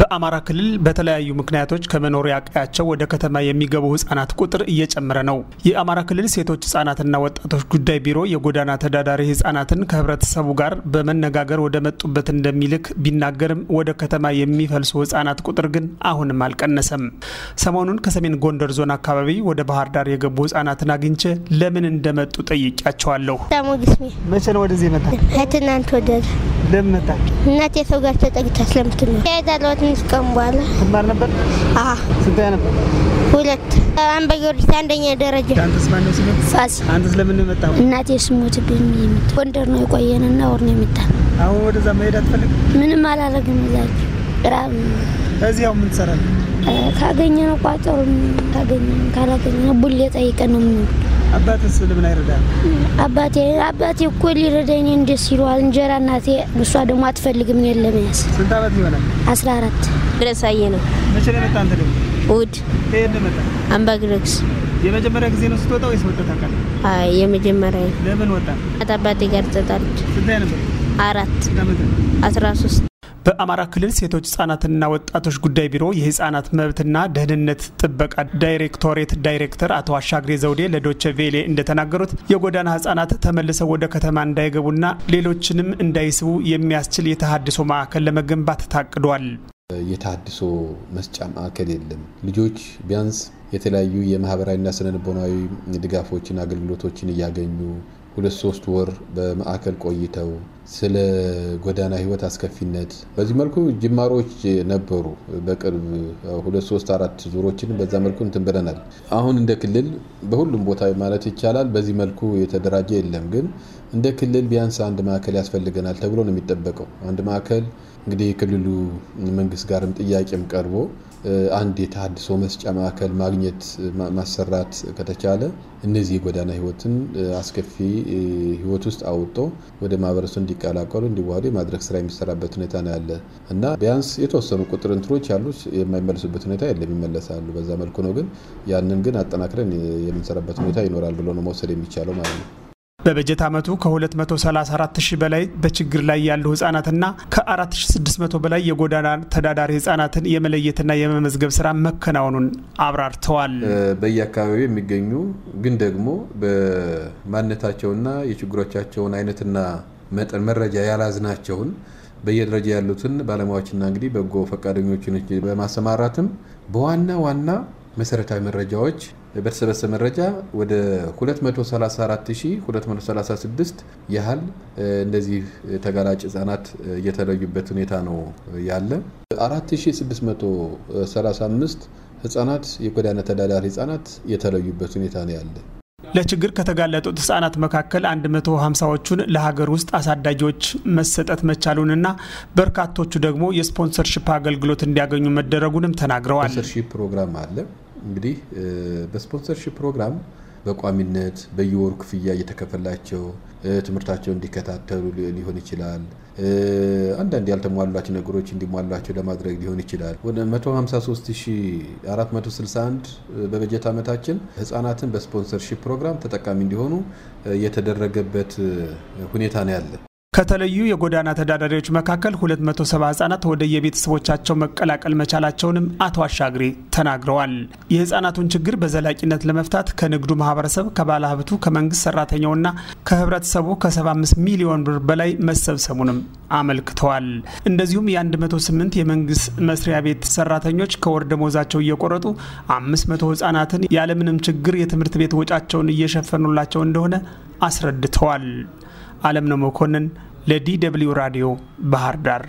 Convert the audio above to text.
በአማራ ክልል በተለያዩ ምክንያቶች ከመኖሪያ ቀያቸው ወደ ከተማ የሚገቡ ህጻናት ቁጥር እየጨመረ ነው። የአማራ ክልል ሴቶች ህጻናትና ወጣቶች ጉዳይ ቢሮ የጎዳና ተዳዳሪ ህጻናትን ከህብረተሰቡ ጋር በመነጋገር ወደ መጡበት እንደሚልክ ቢናገርም ወደ ከተማ የሚፈልሱ ህጻናት ቁጥር ግን አሁንም አልቀነሰም። ሰሞኑን ከሰሜን ጎንደር ዞን አካባቢ ወደ ባህር ዳር የገቡ ህጻናትን አግኝቼ ለምን እንደመጡ ጠይቂያቸዋለሁ። መቼ ነው ወደዚህ መጣ? ወደ ለምን መጣ? እናቴ ሰው ጋር ተጠግታ ስለምትኖር ከትንሽ ቀን በኋላ ትማር ነበር? አዎ። ስንት ነበር? ሁለት አምባ ጊዮርጊስ አንደኛ ደረጃ። አንተስ ማነው ስሙ? ፋሲል። አንተስ ለምን መጣ? እናቴ ስሞትብኝ የምት ጎንደር ነው የቆየንና ወር ነው የመጣን። አሁን ወደዛ መሄድ አትፈልግም? ምንም አላደርግም። እዛች ራብ እዚያው ምን ትሰራለህ? ካገኘነው ቋጠሮ ካገኘነው ካላገኘነው ቡሌ ጠይቀን ነው የምንውለው። አባትስ ምን አይረዳ? አባቴ አባቴ እኮ ሊረዳኝ እንደ ሲሏል እንጀራ እናቴ እሷ ደግሞ አትፈልግም የለም ያስ ስንት አመት ይሆናል? 14 ድረሳዬ ነው። መቼ ነው መጣ አንተ ደግሞ? እሑድ ከየት ነው መጣ? አምባግረክስ የመጀመሪያ ጊዜ ነው ስትወጣ ወይስ ወጣ ታውቃለህ? አይ የመጀመሪያ። ለምን ወጣ? አባቴ ጋር ተጣልኩ። ስንት ነበር? አራት 13 በአማራ ክልል ሴቶች ህጻናትና ወጣቶች ጉዳይ ቢሮ የህጻናት መብትና ደህንነት ጥበቃ ዳይሬክቶሬት ዳይሬክተር አቶ አሻግሬ ዘውዴ ለዶቸ ቬሌ እንደተናገሩት የጎዳና ህጻናት ተመልሰው ወደ ከተማ እንዳይገቡና ሌሎችንም እንዳይስቡ የሚያስችል የተሃድሶ ማዕከል ለመገንባት ታቅዷል። የታድሶ መስጫ ማዕከል የለም። ልጆች ቢያንስ የተለያዩ የማህበራዊና ስነልቦናዊ ድጋፎችን አገልግሎቶችን እያገኙ ሁለት ሶስት ወር በማዕከል ቆይተው ስለ ጎዳና ህይወት አስከፊነት በዚህ መልኩ ጅማሮች ነበሩ። በቅርብ ሁለት ሶስት አራት ዙሮችን በዛ መልኩ እንትን ብለናል። አሁን እንደ ክልል በሁሉም ቦታ ማለት ይቻላል በዚህ መልኩ የተደራጀ የለም። ግን እንደ ክልል ቢያንስ አንድ ማዕከል ያስፈልገናል ተብሎ ነው የሚጠበቀው። አንድ ማዕከል እንግዲህ የክልሉ መንግስት ጋርም ጥያቄም ቀርቦ አንድ የተሃድሶ መስጫ ማዕከል ማግኘት ማሰራት ከተቻለ እነዚህ የጎዳና ህይወትን አስከፊ ህይወት ውስጥ አውጥቶ ወደ ማህበረሰቡ እንዲቀላቀሉ እንዲዋሃዱ የማድረግ ስራ የሚሰራበት ሁኔታ ነው ያለ እና ቢያንስ የተወሰኑ ቁጥር እንትሮች ያሉት የማይመለሱበት ሁኔታ የለም፣ ይመለሳሉ። በዛ መልኩ ነው። ግን ያንን ግን አጠናክረን የምንሰራበት ሁኔታ ይኖራል ብሎ ነው መውሰድ የሚቻለው ማለት ነው። በበጀት ዓመቱ ከ234 በላይ በችግር ላይ ያሉ ህጻናትና ከ4600 በላይ የጎዳና ተዳዳሪ ህጻናትን የመለየትና የመመዝገብ ስራ መከናወኑን አብራርተዋል። በየአካባቢው የሚገኙ ግን ደግሞ በማንነታቸውና የችግሮቻቸውን አይነትና መጠን መረጃ ያላዝናቸውን በየደረጃ ያሉትን ባለሙያዎችና እንግዲህ በጎ ፈቃደኞችን በማሰማራትም በዋና ዋና መሰረታዊ መረጃዎች በተሰበሰበ መረጃ ወደ 234236 ያህል እንደዚህ ተጋላጭ ህጻናት እየተለዩበት ሁኔታ ነው ያለ 4635 ህጻናት የጎዳና ተዳዳሪ ህጻናት የተለዩበት ሁኔታ ነው ያለ። ለችግር ከተጋለጡት ህጻናት መካከል 150ዎቹን ለሀገር ውስጥ አሳዳጊዎች መሰጠት መቻሉንና በርካቶቹ ደግሞ የስፖንሰርሽፕ አገልግሎት እንዲያገኙ መደረጉንም ተናግረዋል። ስፖንሰርሺፕ ፕሮግራም አለ እንግዲህ በስፖንሰርሽፕ ፕሮግራም በቋሚነት በየወሩ ክፍያ እየተከፈላቸው ትምህርታቸው እንዲከታተሉ ሊሆን ይችላል። አንዳንድ ያልተሟሏቸው ነገሮች እንዲሟሏቸው ለማድረግ ሊሆን ይችላል። ወደ 153461 በበጀት ዓመታችን ህጻናትን በስፖንሰርሽፕ ፕሮግራም ተጠቃሚ እንዲሆኑ የተደረገበት ሁኔታ ነው ያለ። ከተለዩ የጎዳና ተዳዳሪዎች መካከል 270 ህጻናት ወደ የቤተሰቦቻቸው መቀላቀል መቻላቸውንም አቶ አሻግሬ ተናግረዋል። የህጻናቱን ችግር በዘላቂነት ለመፍታት ከንግዱ ማህበረሰብ፣ ከባለሀብቱ፣ ከመንግስት ሰራተኛውና ከህብረተሰቡ ከ75 ሚሊዮን ብር በላይ መሰብሰቡንም አመልክተዋል። እንደዚሁም የ108 የመንግስት መስሪያ ቤት ሰራተኞች ከወር ደመወዛቸው እየቆረጡ 500 ህጻናትን ያለምንም ችግር የትምህርት ቤት ወጫቸውን እየሸፈኑላቸው እንደሆነ አስረድተዋል። አለም ነው መኮንን ለዲ ደብልዩ ራዲዮ ባህር ዳር